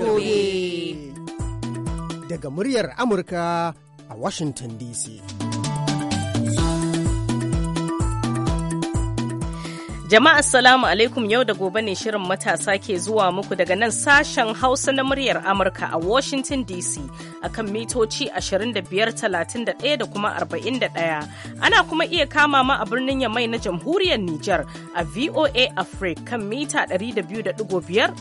gobe. Daga muryar Amurka a Washington DC. Jama'a Assalamu alaikum yau da gobe ne shirin matasa ke zuwa muku daga nan sashen Hausa na muryar Amurka a Washington DC akan mitoci 2531 da kuma 41. Ana kuma iya kama ma a birnin Yamai na jamhuriyar Nijar a VOA Africa kan mita 200.5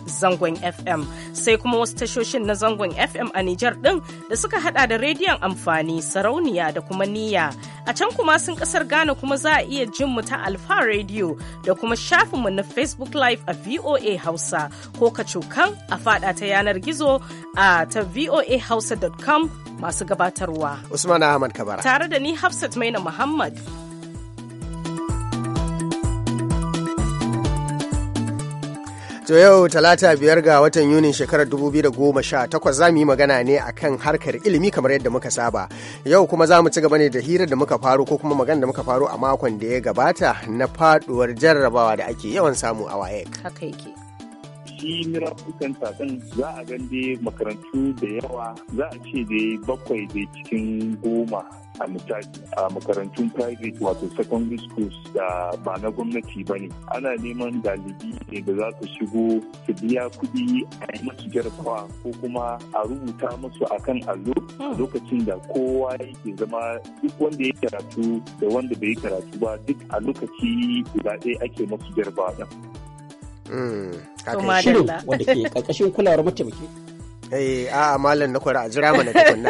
zangon FM. Sai kuma wasu tashoshin na zangon FM a Nijar ɗin da suka hada da rediyon amfani, sarauniya da kuma niya A can kuma sun kasar Ghana kuma za a iya jin mu ta Alfa Radio da kuma shafin mu na Facebook Live a VOA Hausa ko kacokan a faɗa ta yanar gizo a ta VOA Hausa da Kam masu gabatarwa. Usman Ahmad Kabara. Tare da ni Hafsat Maina Muhammad. To yau talata biyar ga watan Yunin shekarar 2018 za mu yi magana ne akan harkar ilimi kamar yadda muka saba. Yau kuma za mu ci gaba ne da hirar da muka faru ko kuma magana da muka faro a makon da ya gabata na faduwar jarrabawa da ake yawan samu a WAEC. Haka yake. shi miracle center din za a gan makarantu da yawa za a ce da bakwai da cikin goma a A makarantun private wato secondary schools da ba na gwamnati ba ne ana neman dalibi ne da za su shigo su biya kuɗi a yi masu jarabawa ko kuma a rubuta masu akan allo a hmm. lokacin da kowa yake zama duk wanda ya karatu da wanda bai karatu ba duk a lokaci guda ɗaya ake masu jarabawa Mm, shirin wanda ke kulawar mataimaki eh, malam na kwara a jira mana tukunna.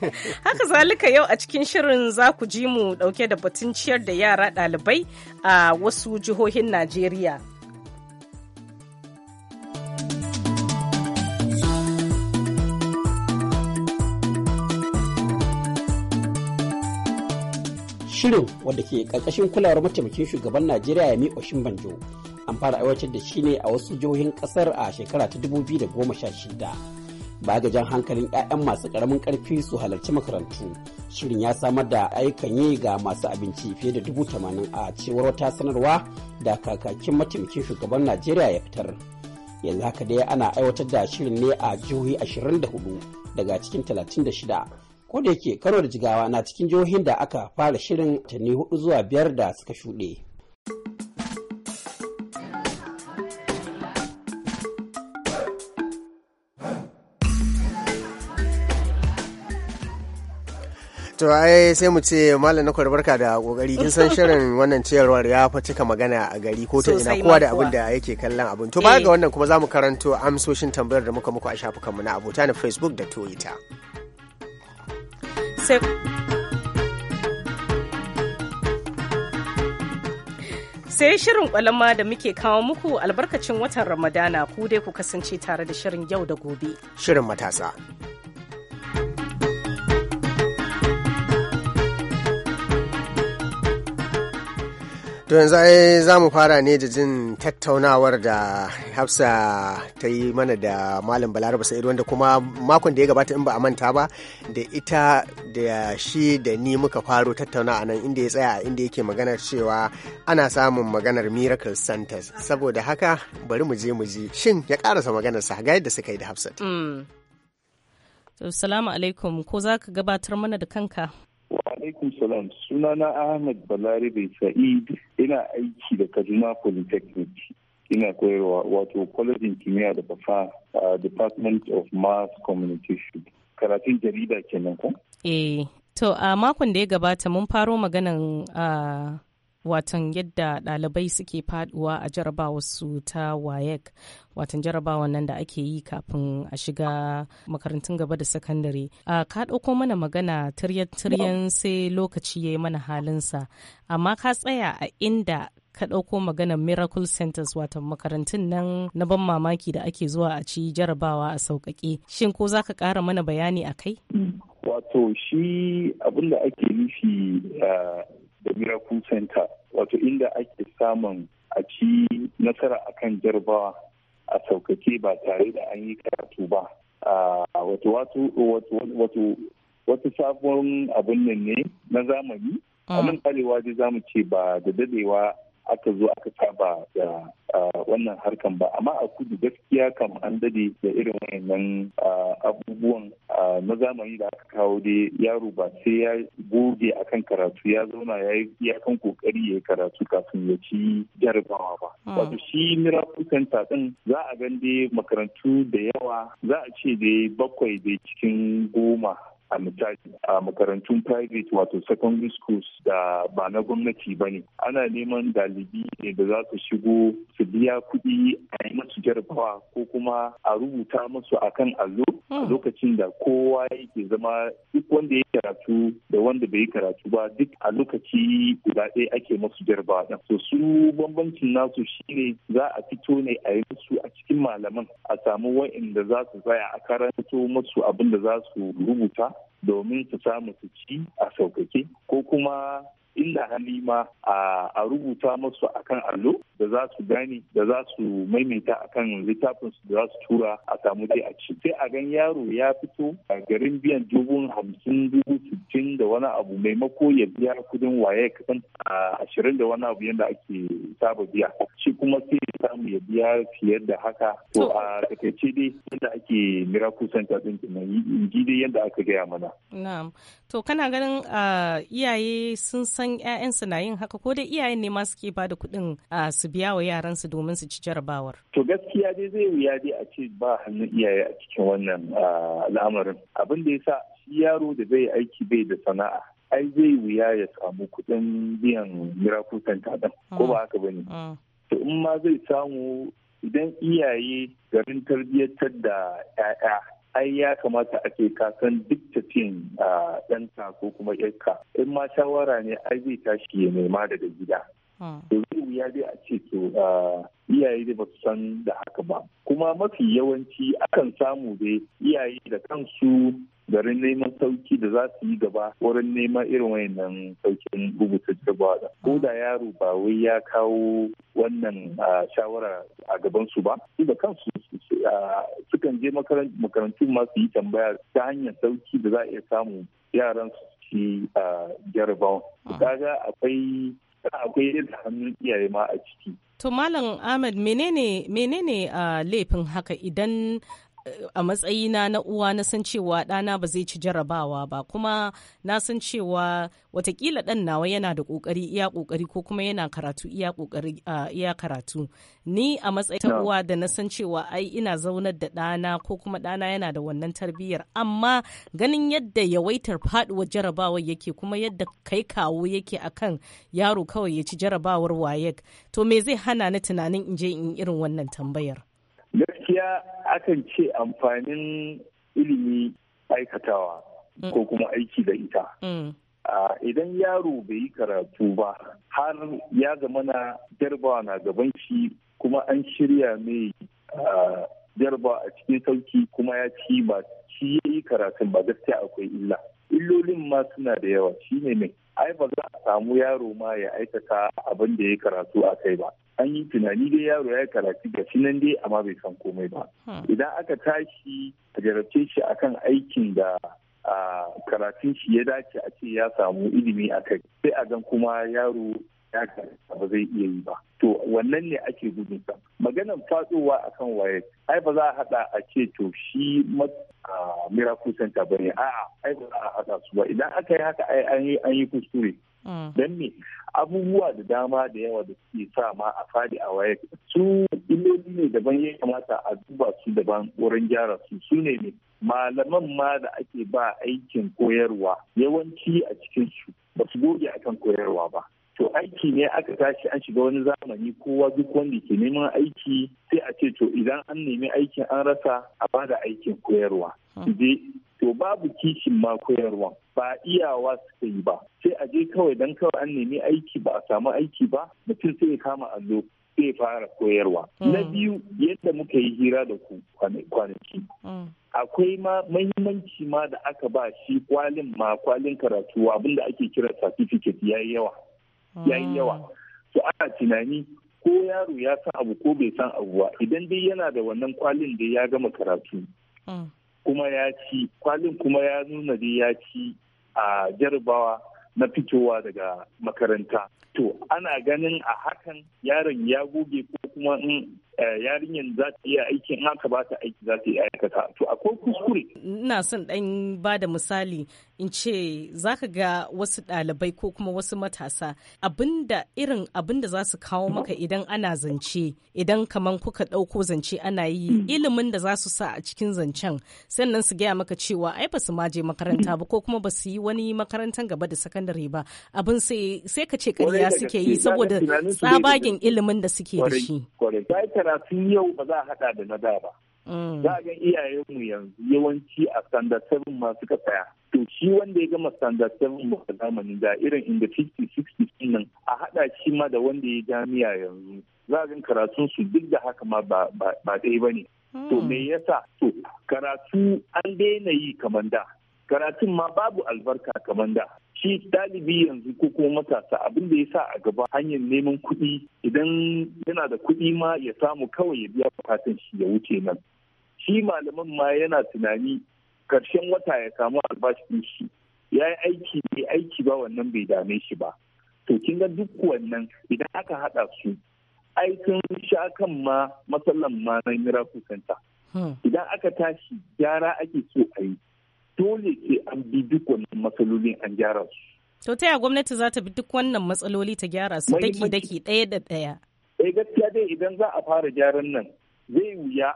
Haka zalika yau a cikin shirin za ku ji mu ɗauke da batun ciyar da yara ɗalibai a wasu jihohin Najeriya. Shirin wadda ke ƙarƙashin kulawar mataimakin shugaban Najeriya miƙo Oshin Banjo an fara aiwatar da shi ne a wasu jihohin kasar a shekara ta 2016 ba ga jan hankalin 'ya'yan masu karamin karfi su halarci makarantu shirin ya samar da ayyukan yi ga masu abinci fiye da dubu tamanin a cewar wata sanarwa da kakakin mataimakin shugaban najeriya ya fitar yanzu haka dai ana aiwatar da shirin ne a jihohi 24 daga cikin 36 ko da yake kano da jigawa na cikin jihohin da aka fara shirin tanni hudu zuwa biyar da suka shuɗe to ai sai mu ce malam na barka da kokari kin san shirin wannan ciyarwar ya fa cika magana a gari ko ta ina kowa da abin da yake kallon abin to baya ga eh. wannan kuma zamu karanto amsoshin tambayar da muka muku a shafukanmu na abota na Facebook da Twitter sai shirin kwalama da muke kawo muku albarkacin watan ramadana ku dai ku kasance tare da shirin yau da gobe shirin matasa To yanzu ai za mu fara ne da jin tattaunawar da Hafsa ta yi mana da Malam Balaraba Sa'id wanda kuma makon da ya gabata in ba a manta ba da ita da shi da ni muka faro tattauna a nan inda ya tsaya inda yake maganar cewa ana samun maganar Miracle Centers. Saboda haka bari mu je mu ji shin ya karasa maganar sa ga yadda suka yi da Hafsat. Mm. Salamu alaikum ko za ka gabatar mana da kanka? Wa alaikum salam sunana Ahmad Balarabe Sa'id ina aiki da Kaduna Polytechnic ina koyarwa wato of kimiyya da fasaha a uh, Department of Mass Communication. Karatun jarida kenan ko? Eh, to a makon da ya gabata mun faro maganan uh, watan yadda ɗalibai suke faduwa a jarabawarsu ta wayek watan jarabawan nan da ake yi kafin a shiga makarantun gaba da sakandare a ka ɗauko mana magana tiryan-tiryan sai lokaci ya yi mana halinsa amma ka tsaya a inda ka ɗauko magana miracle centers watan makarantun nan na ban mamaki da ake zuwa a ci jarabawa a sauƙaƙe shin ko za ka ƙara mana bayani a kai wato shi abin ake nufi eh, da miracle center wato inda ake samun a ci nasara akan jarbawa a saukake ba tare da an yi karatu ba wato wasu sabon abin nan ne na zamani a nan karewa mm. dai ce ba da dadewa aka zo aka saba da wannan harkan ba amma a kudu gaskiya kam an dade da irin wayannan abubuwan na zamani da aka kawo dai yaro ba sai ya goge akan karatu ya zauna ya yi kan kokari ya yi karatu kafin ya ci jarabawa ba hmm. wato shi miracle center din za a gan dai makarantu da yawa za a ce dai bakwai dai cikin goma a misali a makarantun private wato secondary schools da ba na gwamnati ba ne ana neman dalibi ne da za su shigo su biya kuɗi a yi masu jarabawa ko kuma a rubuta masu kan allo a hmm. lokacin da kowa yake zama duk wanda ya karatu da wanda bai karatu ba duk a lokaci guda ɗaya ake masu jarabawa ɗin so su bambancin nasu shine za a fito ne a yi musu a cikin malaman a samu wa'inda za su tsaya a karanto masu abin da za su rubuta domin su samu su ci a sauƙaƙe ko kuma illa halima a rubuta masu a kan allo da za su gani da za su maimaita akan littafin su da za su tura a samu dai a ci sai a gan yaro ya fito a garin biyan dubun hamsin dubu sittin da wani abu maimako ya biya kudin waye kasan ashirin da wani abu yadda ake saba biya shi kuma sai ya samu ya biya fiye da haka to a takaice dai yadda ake miracle center din kenan yi dai yadda aka gaya mana na'am to kana ganin iyaye sun san 'ya'yansu na yin haka ko dai iyayen ne ma suke ba da kuɗin su biya wa yaran su domin su ci jarabawar. To gaskiya dai zai wuya dai a ce ba hannun iyaye a cikin wannan al'amarin. Abin da ya sa shi yaro da zai aiki bai da sana'a ai zai wuya ya samu kuɗin biyan miracle center ko ba mm. haka bane. Mm. To in ma zai samu idan iyaye garin tarbiyyar da 'ya'ya ai ya kamata a ke ka san duk tafin ɗanka ko kuma yarka in ma shawara ne ai zai tashi ya nema daga gida hmm. to zai wuya dai a ce to iyaye da ba su san da haka ba kuma mafi yawanci akan samu dai iyaye da kansu garin neman sauki da za su yi gaba wurin neman irin wayannan saukin rubuta jarabawa ko da yaro ba wai ya kawo wannan shawara a gaban su ba su da kansu sukan je makarantu masu yi tambaya ta hanyar sauki da za a iya samu yaran su ci jarabawa ah. kaga akwai akwai yadda hannun iyaye ma a ciki To Malam Ahmad menene menene a laifin haka idan a matsayina na uwa na san cewa ɗana ba zai ci jarabawa ba kuma na san cewa watakila ɗan nawa yana da ƙoƙari iya ƙoƙari ko kuma yana karatu iya ƙoƙari iya karatu ni a matsayin uwa da na san cewa ai ina zaunar da ɗana ko kuma ɗana yana da wannan tarbiyyar amma ganin yadda yawaitar faɗuwar jarabawar yake kuma yadda kai kawo yake akan yaro kawai ya ci jarabawar wayek to me zai hana ni tunanin in je in irin wannan tambayar gaskiya akan ce amfanin ilimi aikatawa ko mm. kuma aiki da ita mm. idan yaro bai yi karatu ba har ya zama na jarba na gaban shi kuma an shirya mai jarba a cikin sauki kuma ya ci ba shi ya yi karatun ba gaskiya akwai illa illolin ma suna da yawa shi ne mai ai ba za a samu yaro ma ya aikata abin da ya karatu a kai ba an yi tunani dai yaro ya karatu ga shi nan dai amma bai san komai ba hmm. idan aka tashi a jarabce shi akan aikin da karatun shi ya dace a ce ya samu ilimi a kai sai a gan kuma yaro ya ba zai iya yi ba to wannan ne ake gudun sa maganar fadowa akan waye ai ba za a haɗa a ce to shi miracle center ba ne a'a ai ba za a hada su ba idan aka yi haka ai an yi kuskure mm. don me abubuwa da dama da yawa da suke sa ma a fadi a waye su illoli ne daban ya kamata a duba su daban wurin gyara su su ne ne malaman ma da ake ba aikin koyarwa yawanci a cikin su ba su goge akan koyarwa ba to aiki ne aka tashi an shiga wani zamani kowa duk wanda ke neman aiki sai a ce to idan an nemi aikin an rasa a bada aikin koyarwa hmm. to babu kishin ma koyarwa ba iyawa suka yi ba sai a je kawai dan kawai an nemi aiki ba a samu aiki ba mutum sai ya kama allo sai fara koyarwa hmm. na biyu yadda muka yi hira da ku kwanaki hmm. akwai ma mahimmanci ma da aka ba shi kwalin ma kwalin karatu abinda ake kira certificate yayi yawa ya yi yawa to ah. ana tunani ko yaro ya san abu ko bai san abu ba idan dai yana da wannan kwalin da ya gama karatu hmm. kuma ya ci kwalin kuma ya nuna dai ya ci a jarabawa na fitowa daga makaranta to ana ganin a hakan yaron ya goge ko kuma in eh, yarinyar za ta iya aiki in haka ba ta aiki za ta iya aikata to akwai kuskure ina son ɗan ba da misali in ce za ka ga wasu ɗalibai ko kuma wasu matasa abinda irin da za su kawo mhm. maka idan ana zance idan kamar kuka ɗauko zance ana yi mhm. ilimin da za su sa a cikin zancen sannan su gaya maka cewa ai ba su maje makaranta ba ko kuma ba su yi wani makarantar gaba da sakandare ba abin sai ka ce ƙarya suke yi saboda tsabagen ilimin da suke da shi Kwarai, ta yau ba za a hada da na da ba. Mm. Za a ga iyayenmu yanzu yawanci a standard seven ma suka tsaya. To shi wanda ya gama standard seven ba zamanin da irin inda 50-60 nan a hada shi ma da wanda ya jami'a yanzu. Za a ga karatun su duk da haka ma ba ɗaya ba ne. To mm. me yasa? To karatu an daina yi kamar da. karatun ma babu albarka kamar da shi dalibi yanzu ko kuma matasa abin da ya sa a gaba hanyar neman kuɗi idan yana da kuɗi ma ya samu kawai ya biya bukatun shi ya wuce nan shi malaman ma yana tunani karshen wata ya samu albashin shi ya yi aiki bai aiki ba wannan bai dame shi ba to kin ga duk wannan idan aka haɗa su ai sun sha kan ma matsalan ma na miracle center hmm. idan aka tashi gyara ake so a yi dole ke an bi duk wannan matsalolin an gyara su. To ta gwamnati za ta bi duk wannan matsaloli ta gyara su daki-daki ɗaya da ɗaya? Eh gaskiya dai idan za a fara gyaran nan zai wuya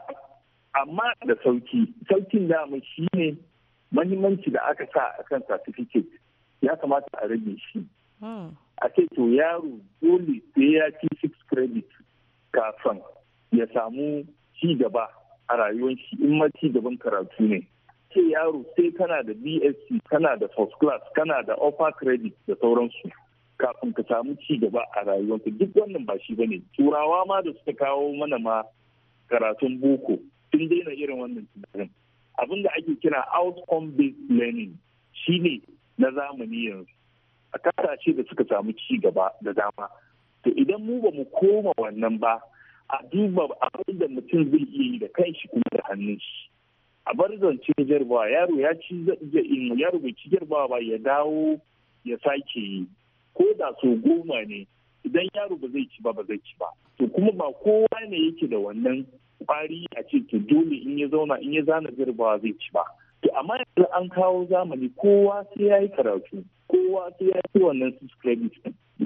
amma da sauki. Saukin dama shi ne mahimmanci da aka sa a kan certificate ya kamata a rage shi. Hmm. A ce to yaro dole sai ya ci six credit kafin ya samu ci gaba a rayuwar shi in ma ci gaban karatu ne. ce yaro sai kana da bsc kana da first class kana da offer credit da sauransu kafin ka samu ci gaba a rayuwarka duk wannan ba shi bane turawa ma da suka kawo mana ma karatun boko sun daina irin wannan tunanin abin da ake kira outcome based learning shine na zamani yanzu a kasashe da suka samu ci gaba da dama to idan mu ba mu koma wannan ba a duba abin da mutum zai iya yi da kanshi kuma da hannun shi a bar zance jarba yaro ya ci yaro bai ci jarba ba ya dawo ya sake yi ko da so goma ne idan yaro ba zai ci ba ba zai ci ba to kuma ba kowa ne yake da wannan kwari a ce to dole in ya zauna in ya zana jarba zai ci ba to amma yanzu an kawo zamani kowa sai ya yi karatu kowa sai ya yi wannan subscribe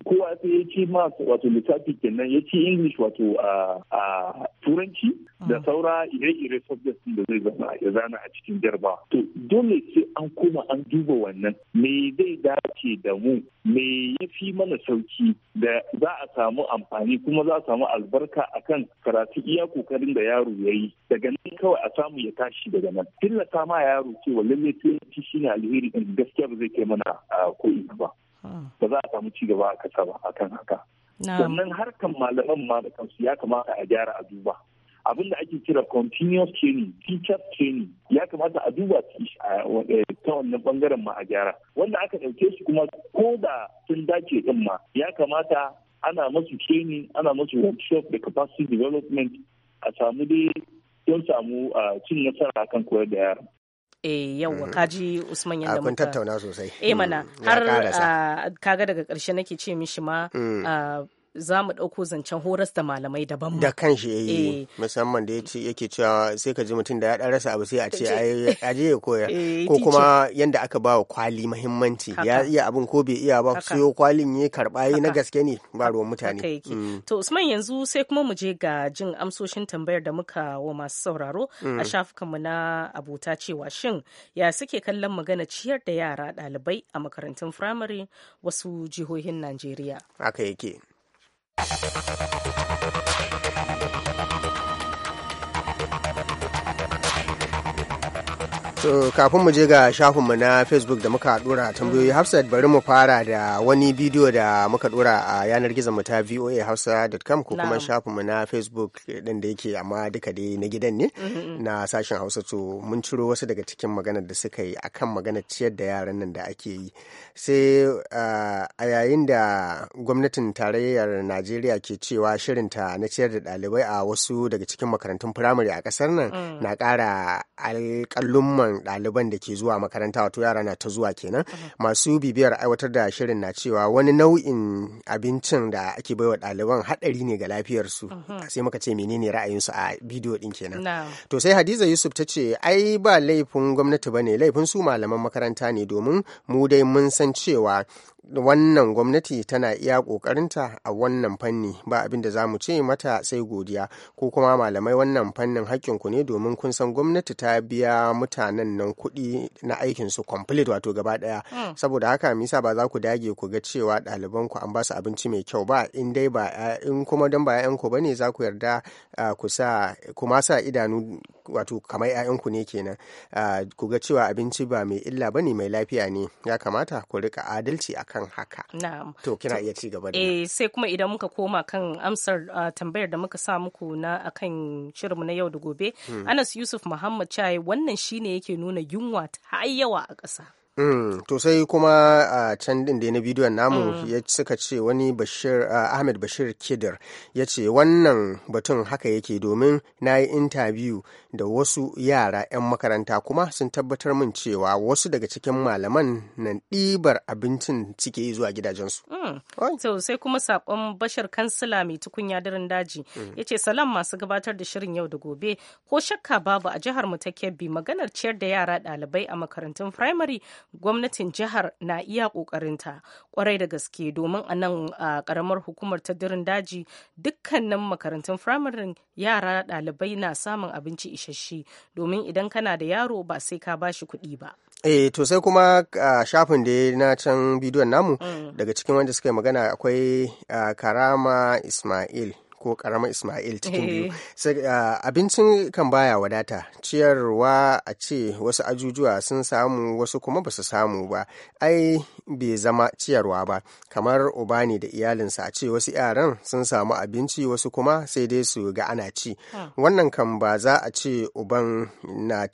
kowa sai ya ci mas wato lissafi kenan ya ci english wato a turanci da ah. saura ire-ire subjects da zai zana ya zana a cikin jarba to dole sai an koma an duba wannan me zai dace da mu me ya fi mana sauki da za a samu amfani kuma za a samu albarka akan karatu iya kokarin da yaro ya yi daga nan kawai a samu ya tashi daga nan tillata ma yaro cewa lallai turanci shine alheri gaskiya ba zai kai mana ko ba ba za a samu ci gaba a kasa ba akan haka sannan harkan malaman ma da kansu ya kamata a gyara a duba abin da ake kira continuous training teacher training ya kamata a duba eh, ta wannan bangaren ma a gyara wanda aka ɗauke su kuma ko da sun dace ɗin ma ya kamata ana masu training ana masu workshop da capacity development a samu dai don samu ah, cin nasara kan koyar da yaran eh yawa mm-hmm. kaji usman yadda ah, muka tattauna sosai eh mana mm, har ah, kaga daga karshe nake ce mishi ma mm. ah, za mu ɗauko zancen horas da malamai daban da kan shi yayi eh. musamman da yake cewa sai ka ji mutum da ya ɗan rasa abu sai a ce je ya koya eh, ko kuma yanda aka ba wa kwali mahimmanci ya iya abin ko bai iya ba siyo kwalin ya karɓa yi na gaske ne ba ruwan mutane mm. to usman yanzu sai kuma mu je ga jin amsoshin tambayar da muka wa masu sauraro a mm. shafukanmu na abota cewa shin ya suke kallon magana ciyar da yara ɗalibai a makarantun firamare wasu jihohin najeriya haka yake Thank you. To kafin mu je ga shafin mu na Facebook da muka dora tambayoyi Hafsat bari mu fara da wani bidiyo da muka dora a yanar gizon mu ta hausa.com ko kuma shafin mu na Facebook din da yake amma duka dai na gidan ne mm-hmm, mm-hmm. na sashen Hausa to mun ciro wasu daga cikin maganar da suka yi akan maganar ciyar da yaran nan da ake yi. Sai a yayin da gwamnatin tarayyar Najeriya ke cewa shirinta na ciyar da ɗalibai a wasu daga cikin makarantun firamare a kasar nan mm. na ƙara alƙalumman yawan ɗaliban da ke zuwa makaranta wato yara na ta zuwa kenan masu bibiyar aiwatar da shirin na cewa wani nau'in abincin da ake baiwa ɗaliban haɗari ne ga lafiyarsu sai muka ce menene ra'ayinsu a bidiyo ɗin kenan to sai hadiza yusuf ta ce ai ba laifin gwamnati ba ne laifin su malaman makaranta ne domin mu dai mun san cewa wannan gwamnati tana iya kokarinta a wannan fanni ba abin da za mu ce mata sai godiya ko kuma malamai wannan fannin ku ne domin kun san gwamnati ta biya mutanen nan kuɗi na aikin su complete wato gaba ɗaya hmm. saboda haka misa ba za ku dage ku ga cewa ɗalibanku an ba su abinci mai kyau ba in dai ba in kuma don ba 'ya'yanku ku ne za ku yarda ku sa kuma sa idanu wato kamar 'ya'yanku ne kenan ku ga cewa abinci ba mai illa bane mai lafiya ne ya kamata ku rika adalci akan kan haka to kina iya ci gaba da eh sai kuma idan muka koma kan amsar uh, tambayar da muka sa muku na akan shirinmu na yau da gobe hmm. Anas Yusuf Muhammad Chai wannan shine yake nuna yunwa ta yawa a ƙasa Mm, to sai kuma a uh, can din da na bidiyon namu mm. ya suka ce wani Bashir uh, Ahmed Bashir Kidir ya ce wannan batun haka yake domin na yi intabiyu da wasu yara 'yan makaranta kuma sun tabbatar min cewa wasu daga cikin malaman nan ɗibar abincin cike zuwa gidajensu. Mm. So, sai kuma saƙon Bashir Kansila mai tukunya daren daji mm. ya ce salam masu gabatar da shirin yau da gobe ko shakka babu a jihar mu ta Kebbi maganar ciyar da yara ɗalibai a makarantun firamare gwamnatin jihar na iya ƙoƙarinta kwarai da gaske domin a nan a ƙaramar hukumar ta dirin daji dukkanin makarantun firamare yara ɗalibai na samun abinci isasshe domin idan kana da yaro ba sai ka bashi kuɗi ba. e to sai kuma a shafin da na can bidiyon namu mm. daga cikin wanda suka yi magana akwai karama ismail ko karama Ismail cikin biyu. Eh. Abincin kan baya wadata, ciyarwa a ce wasu ajujuwa sun samu wasu kuma ba su samu ba, ai bai zama ciyarwa ba, kamar uba ne da iyalinsa a ce wasu yaran sun samu abinci wasu kuma sai dai su ga ana ci. Ah. Wannan kan ba za a ce uban na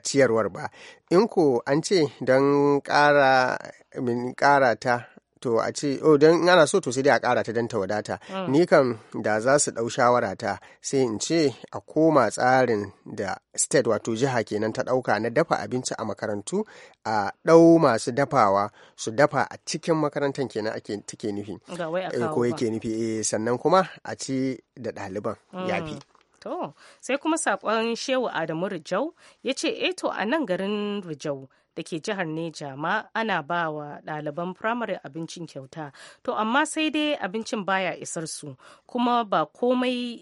ciyarwar ba. In ko an ce don ƙara ta to a ce oh don ana so to sai dai a ƙara ta don ta wadata mm. ni kam da za su ɗau shawara ta sai in ce a koma tsarin da state wato jiha kenan ta ɗauka na dafa abinci a makarantu a ɗau masu dafawa su dafa a cikin makarantar kenan ake take nufi eh, ko yake nufi eh, sannan kuma a ci da ɗaliban yafi mm. to sai kuma saƙon shehu adamu rijau ya ce eto eh, a nan garin rijau da ke jihar neja ma ana ba wa ɗaliban firamare abincin kyauta to amma sai dai abincin baya isar su kuma ba komai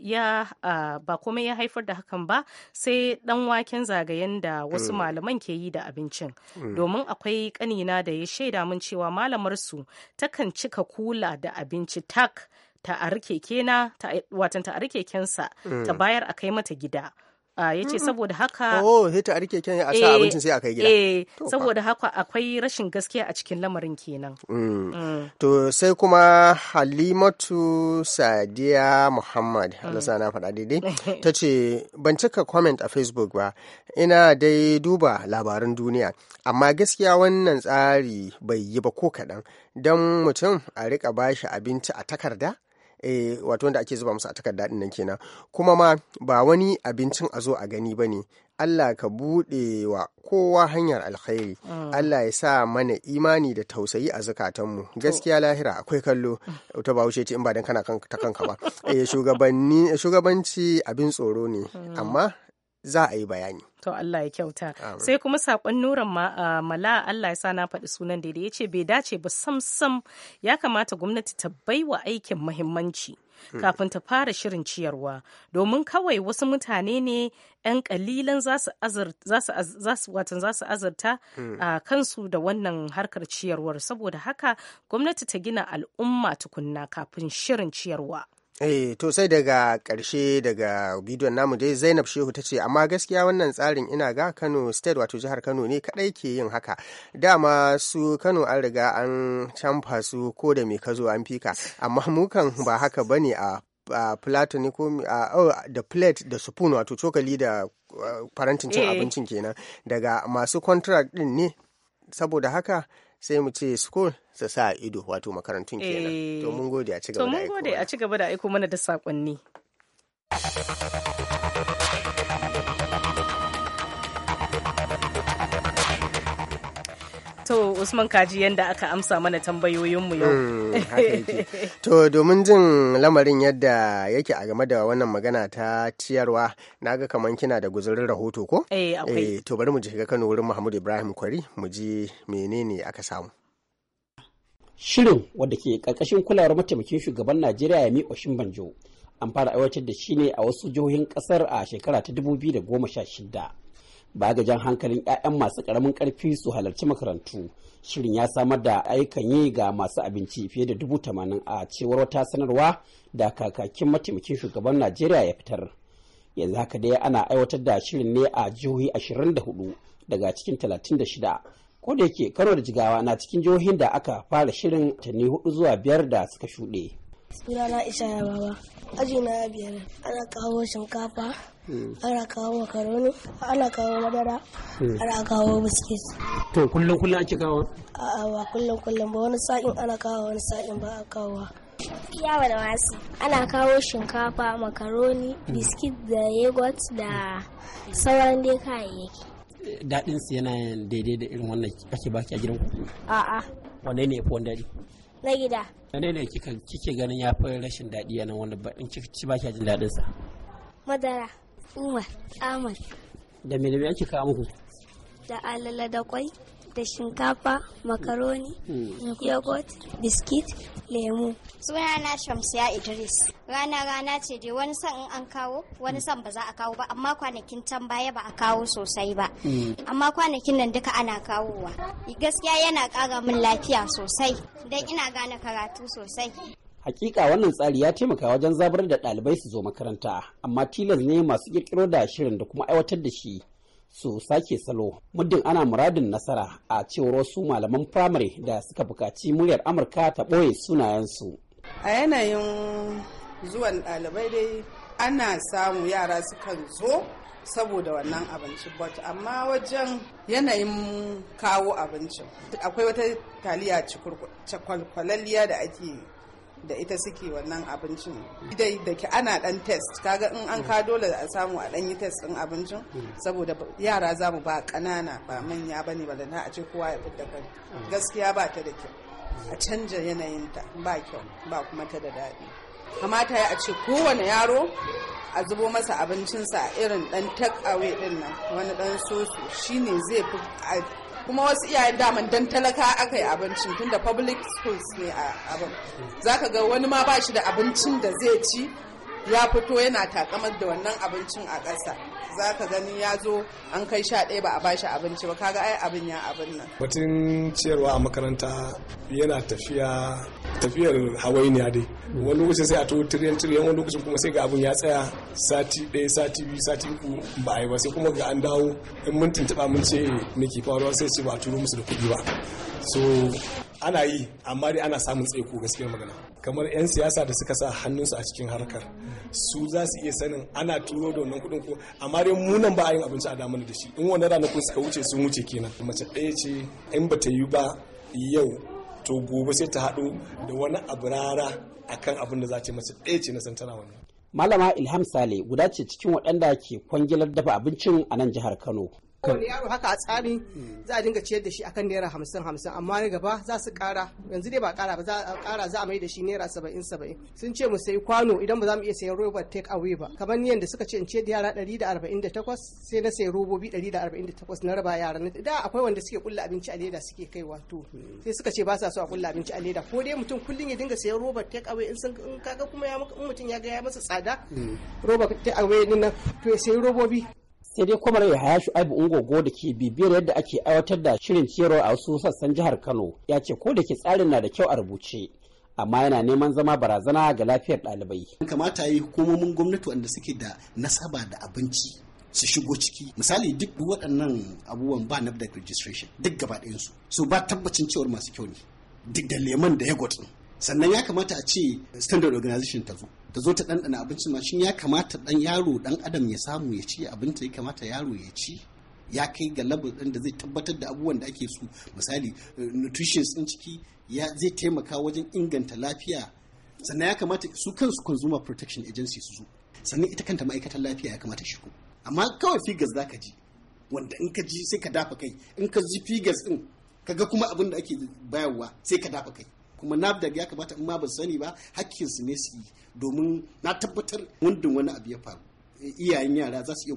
ya haifar da hakan ba sai ɗan waken zagayen da wasu mm. malaman ke yi da abincin mm. domin akwai ƙanina da ya shaida min cewa malamar su takan cika kula da abinci tak ta a kena ta a rike kensa ta mm. bayar a kai mata gida ya ce saboda haka oh sai ta arke kyan a sa abincin sai a kai gida eh, eh, saboda haka akwai rashin gaskiya a cikin lamarin kenan mm. Mm. to sai kuma Halimatu Sadiya Muhammad mm. Allah na faɗa daidai ta ce ban cika comment a Facebook ba ina dai duba labaran duniya amma gaskiya wannan tsari bai yi ba ko kaɗan don mutum a rika bashi abinci a takarda Eh, wato wanda ake zuba musu a takarda din nan kenan kuma ma ba wani abincin a zo a gani ba ne Allah ka buɗe wa kowa hanyar alkhairi mm. Allah ya sa mana imani da tausayi a zukatanmu gaskiya lahira akwai kallo ta bahaushe ce in ba dan kana ta kanka ba eh, shugabanci abin tsoro ne mm. amma za a yi bayani. To Allah ya kyauta. Sai kuma saƙon nuran ah, mala Allah ya sa na faɗi sunan daidai. ya ce bai dace ba sam-sam ya kamata gwamnati ta baiwa aikin mahimmanci hmm. kafin ta fara shirin ciyarwa domin kawai wasu mutane ne 'yan kalilan za su azurta hmm. a ah, kansu da wannan harkar ciyarwar saboda haka gwamnati ta gina al'umma tukunna kafin shirin ciyarwa. Eh, to sai daga karshe daga bidiyon namu dai Zainab Shehu ta ce, amma gaskiya wannan tsarin ina ga Kano State wato jihar Kano ne kadai ke yin haka. Dama su Kano an riga an canfa su ko da me ka zo an fika, amma mukan ba haka bane a Uh, plato ne ko oh, da plate da spoon wato cokali da uh, farantin cin eh. abincin kenan daga masu contract din ne saboda haka sai mu ce school su sa ido wato makarantun kenan to eh, mun gode a ci gaba da aiko mana da sakonni To Usman Kaji yadda aka amsa mana tambayoyinmu yau. Hmm, to domin jin lamarin yadda yake a game da wannan magana ta ciyarwa na ga kamar kina da guzurin rahoto ko? Eh akwai. Eh, to bari mu shiga Kano wurin Muhammad Ibrahim Kwari mu ji menene aka samu. Shirin wadda ke karkashin kulawar mataimakin shugaban Najeriya Yemi banjo an fara aiwatar da shi ne a wasu jihohin kasar a shekara ta 2016. ba ga hankalin 'ya'yan masu karamin karfi su halarci makarantu shirin ya samar da ayyukan yi ga masu abinci fiye da dubu tamanin a cewar wata sanarwa da kakakin mataimakin shugaban najeriya ya fitar yanzu haka dai ana aiwatar da shirin ne a jihohi ashirin da hudu daga cikin talatin da shida, yake kano da jigawa na cikin jihohin da aka fara shirin tanni hudu zuwa biyar da suka shuɗe Sunana Isha ya baba. Aji na biyar. Ana kawo shinkafa, hmm. ana kawo makaroni, ana kawo madara, hmm. ana kawo biskit. To kullum kullum ake kawo? A'a ba kullum kullum ba wani sa'in ana kawo wani sa'in ba a kawo. Yawa da wasu. Ana kawo shinkafa, makaroni, hmm. biskit da yogurt da sauran dai kayayyaki. Daɗinsu yana daidai da irin wannan ake baki a gidan gidanku? A'a. Wanne ne ya fi wani daɗi? na gida. Wane ne kika kike ganin ya fi rashin daɗi yana wanda ba in kika ci ba kya jin daɗin sa? Madara, Umar, Amal. Da me ne ake kawo muku? Da alala da kwai. da shinkafa makaroni hmm. yogurt biskit lemu suna na shamsiya idris rana rana ce dai wani san in an kawo wani san ba za a kawo ba amma kwanakin can baya ba a kawo sosai ba hmm. amma kwanakin nan duka ana kawowa gaskiya yana kara min lafiya sosai don ina gane karatu sosai hakika wannan tsari ya taimaka wajen zabar da ɗalibai su zo makaranta amma tilas ne masu kirkiro da shirin da kuma aiwatar da shi su sake salo muddin ana muradin nasara a cewar wasu malaman firamare da suka bukaci muryar amurka ta ɓoye sunayensu a yanayin zuwan ɗalibai dai ana samu yara sukan zo saboda wannan abinci but amma wajen yanayin kawo abincin akwai wata taliya cikwalkwalaliya da ake da ita suke wannan abincin dai da ke ana dan test kaga in an ka dole a samu a dan yi test din abincin saboda yara za mu ba kanana ba manya bane ba na a ce kowa ya fita kan gaskiya ba ta da kyau a canja yanayinta ba kyau ba kuma ta da daɗi kamata ya a ce kowane yaro a zubo masa abincinsa a irin dan takawai din nan wani dan soso shine zai fi kuma wasu iyayen daman dan talaka aka yi abincin tunda public schools ne a abin zaka ga wani ma ba shi da abincin da zai ci ya fito yana takamar da wannan abincin a ƙasa za ka gani ya zo an kai sha ɗaya ba a bashi abinci ba kaga ai abin ya abin nan batun ciyarwa a makaranta yana tafiya tafiyar hawainiya dai wani lokacin sai a to tiriyan tiriyan wani lokacin kuma sai ga abin ya tsaya sati ɗaya sati biyu sati uku ba a yi ba sai kuma ga an dawo in mun tuntuɓa mun ce me ke faruwa sai ce ba a turo musu da kuɗi ba so ana yi amma dai ana samun tsaiko gaskiyar magana kamar 'yan siyasa da suka sa hannunsu a cikin harkar su za su iya sanin ana turo da wannan kuɗin ko amma dai munan ba a yin abinci a damar da shi in wannan ranakun suka wuce sun wuce kenan mace ɗaya ce in ba ta yi ba yau to gobe sai ta haɗu da wani abu rara akan abin da za ta mace ɗaya ce na san tana wannan malama ilham sale guda ce cikin waɗanda ke kwangilar dafa abincin a nan jihar kano kowane yaro haka a tsari mm. za a dinga ciyar da shi akan naira hamsin hamsin amma na gaba za su kara yanzu dai ba kara ba za a kara za a mai da shi naira saba'in saba'in sun ce mu sayi kwano idan ba za mu iya sayan robot take away ba kamar ni yadda suka ce in ciyar da yara ɗari da arba'in da takwas sai na sayi robobi ɗari da arba'in da takwas na raba yaran da akwai wanda suke kulla abinci a leda suke kai wato mm. sai suka ce ba sa so a kulla abinci a leda ko dai mutum kullum ya dinga sayan robot take away in sun kaga kuma ya mutum ya ga ya masa tsada mm. robot take away din nan to ya sayi robobi sai dai kwamar ya haya shu'aibu ungogo da ke bibiyar yadda ake aiwatar da shirin ciyarwa a wasu sassan jihar kano ya ce ko da ke tsarin na da kyau a rubuce amma yana neman zama barazana ga lafiyar ɗalibai. kamata yi hukumomin gwamnati wanda suke da nasaba da abinci su shigo ciki misali duk waɗannan abubuwan ba na registration duk gaba ɗayansu so ba tabbacin cewar masu kyau ne duk da leman da ya gwatsin sannan ya kamata a ce standard organization ta zo ta zo ta ɗanɗana abincin ma shin ya kamata ɗan yaro ɗan adam ya samu ya ci abinci ya kamata yaro ya ci ya kai ga labar ɗin da zai tabbatar da abubuwan da ake so misali eh, nutrition ɗin ciki ya zai taimaka wajen inganta lafiya sannan ya kamata su kansu consumer protection agency su zo sannan ita kanta ma'aikatar lafiya ya kamata shigo amma kawai figures zaka ji wanda in ka ji sai ka dafa kai in ka ji figures ɗin ga kuma abin da ake bayarwa sai ka dafa kai kuma nafdag ya kamata in ma ban sani ba hakkinsu ne su yi domin na tabbatar wundin wani abu ya faru iyayen yara za su iya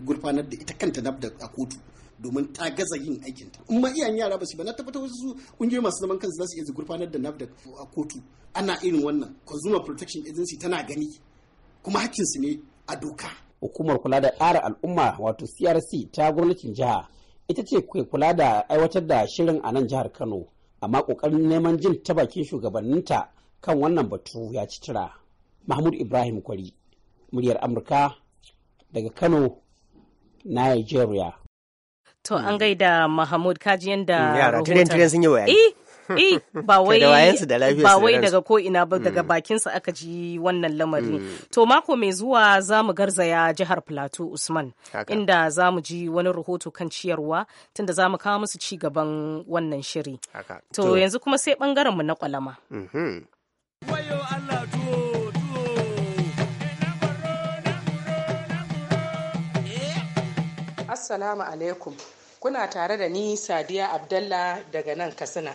gurfanar da ita kanta nafdag a kotu domin ta gaza yin aikinta in ma iyayen yara ba su ba na tabbatar wasu kungiyoyi masu zaman kansu za su iya gurfanar da nafdag a kotu ana irin wannan consumer protection agency tana gani kuma hakkinsu ne a doka hukumar kula da tsara al'umma wato crc ta gwamnatin jiha ita ce kula da aiwatar da shirin a nan jihar kano amma ƙoƙarin neman jin ta bakin shugabanninta kan wannan batu ya ci tura. Mahmud Ibrahim Kwari, muryar Amurka daga Kano, Nigeria. To an gaida Mahmud kaji yadda. Yara, sun yi waya. Eh, eh ba wai daga ko ina ba daga mm. bakinsa aka ji wannan lamari mm. to mako mai zuwa za mu garzaya jihar plateau usman inda za mu ji wani rahoto kan ciyarwa tunda za mu kawo musu ci gaban wannan shiri to yanzu kuma sai bangaren mu na kwalama mm-hmm. Assalamu alaikum. Kuna tare da ni Sadiya Abdallah daga nan Katsina.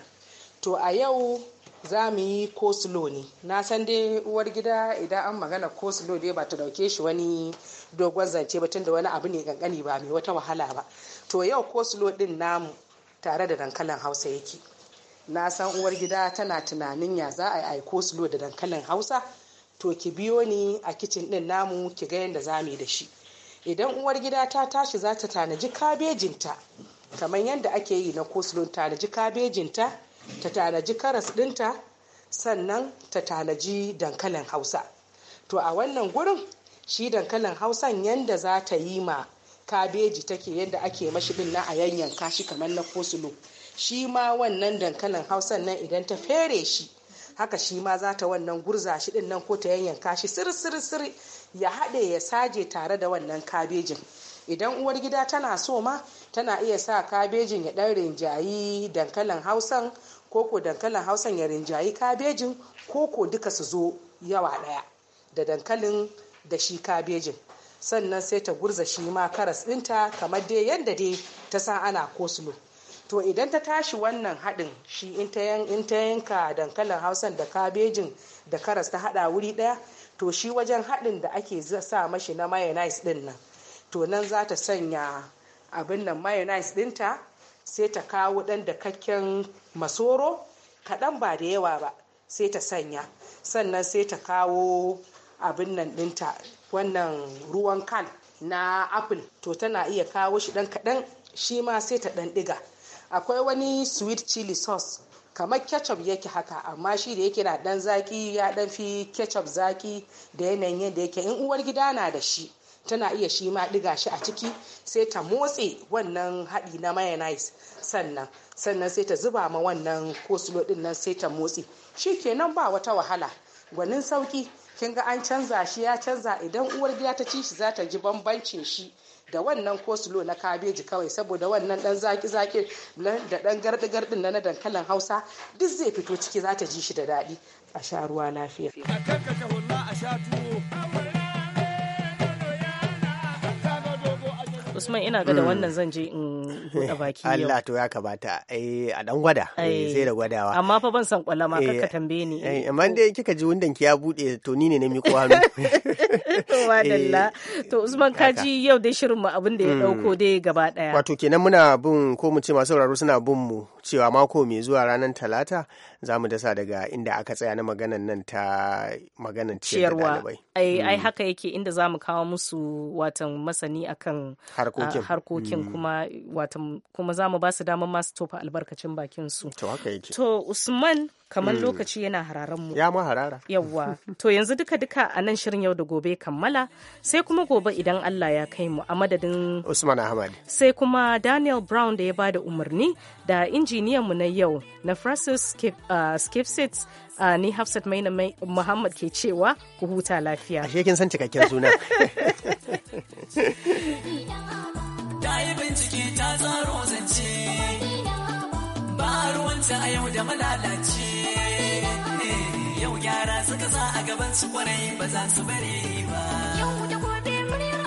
to a yau za mu yi coslo ne na san dai uwar gida idan an magana coslo dai ba ta dauke shi wani dogon zance ba da wani abu ne kankani ba mai wata wahala ba to yau coslo din namu tare da dankalin hausa yake na san uwar gida tana tunanin ya za a yi coslo da dankalin hausa to ki biyo ni a kicin din namu ki ga yadda za mu yi da shi idan uwar gida ta tashi za ta tanaji kabejinta kamar yadda ake yi na coslo tanaji kabejinta ta tanaji karas ɗinta sannan ta tanaji dankalin hausa to a wannan gurin shi dankalin hausan yadda za ta yi ma kabeji take yadda ake mashi din na a yanyanka shi kamar na kosulo shi ma wannan dankalin hausan nan idan ta fere shi haka shi ma za ta wannan gurza shi din nan ko ta yanyanka shi sir sir sir ya haɗe ya saje tare da wannan kabejin idan uwar gida tana so ma tana iya sa kabejin ya dan rinjayi dankalin hausan koko dankalin hausan ya rinjayi kabejin koko duka su zo yawa daya da dankalin da shi kabejin sannan sai ta gurza shi ma karas dinta kamar dai yadda dai ta san ana kosulo to idan ta tashi wannan haɗin shi in ta yanka dankalin hausan da kabejin da karas ta haɗa wuri ɗaya to shi wajen haɗin da ake sa mashi na mayonnaise ɗin nan to nan za ta sanya abin nan mayonnaise dinta sai ta kawo ɗan dakakken masoro kaɗan ba da yawa ba sai ta sanya sannan sai ta kawo abin nan dinta wannan ruwan kan na apple to tana iya kawo shi ɗan kaɗan shi ma sai ta ɗan ɗiga akwai wani sweet chili sauce kamar ketchup yake haka amma shi da yake na ɗan zaki ya ɗan fi ketchup zaki da yanayin yadda yake in uwar gida na da shi tana iya shi ma ɗiga shi a ciki sai ta motse wannan haɗi na mayonnaise sannan sannan sai ta zuba ma wannan kosulo din nan sai ta motse shi kenan ba wata wahala gwanin sauki kin ga an canza shi ya canza idan uwar gida ta ci shi za ta ji bambancin shi da wannan kosulo na kabeji kawai saboda wannan dan zaki zaki da dan gardi gardin na dankalin hausa duk zai fito ciki za ta ji shi da daɗi a sha ruwa lafiya Usman ina ga da mm. wannan zan je in buɗe eh, baki yau. Allah to ya kamata eh, a dan gwada eh, sai da gwadawa. Amma fa ban san kwalama kar ka tambaye ni. Amma dai kika ji wundan ki ya buɗe to ni ne na miko hannu. Wadalla. To Usman ka ji yau dai shirin mu abin da ya dauko mm. dai gaba daya. Wato kenan muna bin ko mu ce masu sauraro suna bin mu cewa mako mai zuwa ranar talata za mu dasa daga inda aka tsaya na maganan nan ta maganan ciyarwa ai ai hmm. haka yake inda za mu kawo musu watan masani akan ah, harkokin hmm. kuma watan kuma za mu ba su damar masu tofa albarkacin bakin su to haka yake to usman kamar mm. lokaci yana hararen mu ya ma harara yawwa to yanzu duka duka a nan shirin yau da gobe kammala sai kuma gobe idan Allah ya kai mu a madadin Usman Ahmad sai kuma Daniel Brown da ya ba da umarni da injiniyan mu na yau na Francis uh, Skipsits uh, ni Hafsat Maina Muhammad ke cewa ku huta lafiya ashe kin san cikakken suna Dai bincike ta tsaro zance ruwanta a yau da malalace eh, yau gyara suka sa a gaban su kwarai ba za su bare ba yau da gobe muryar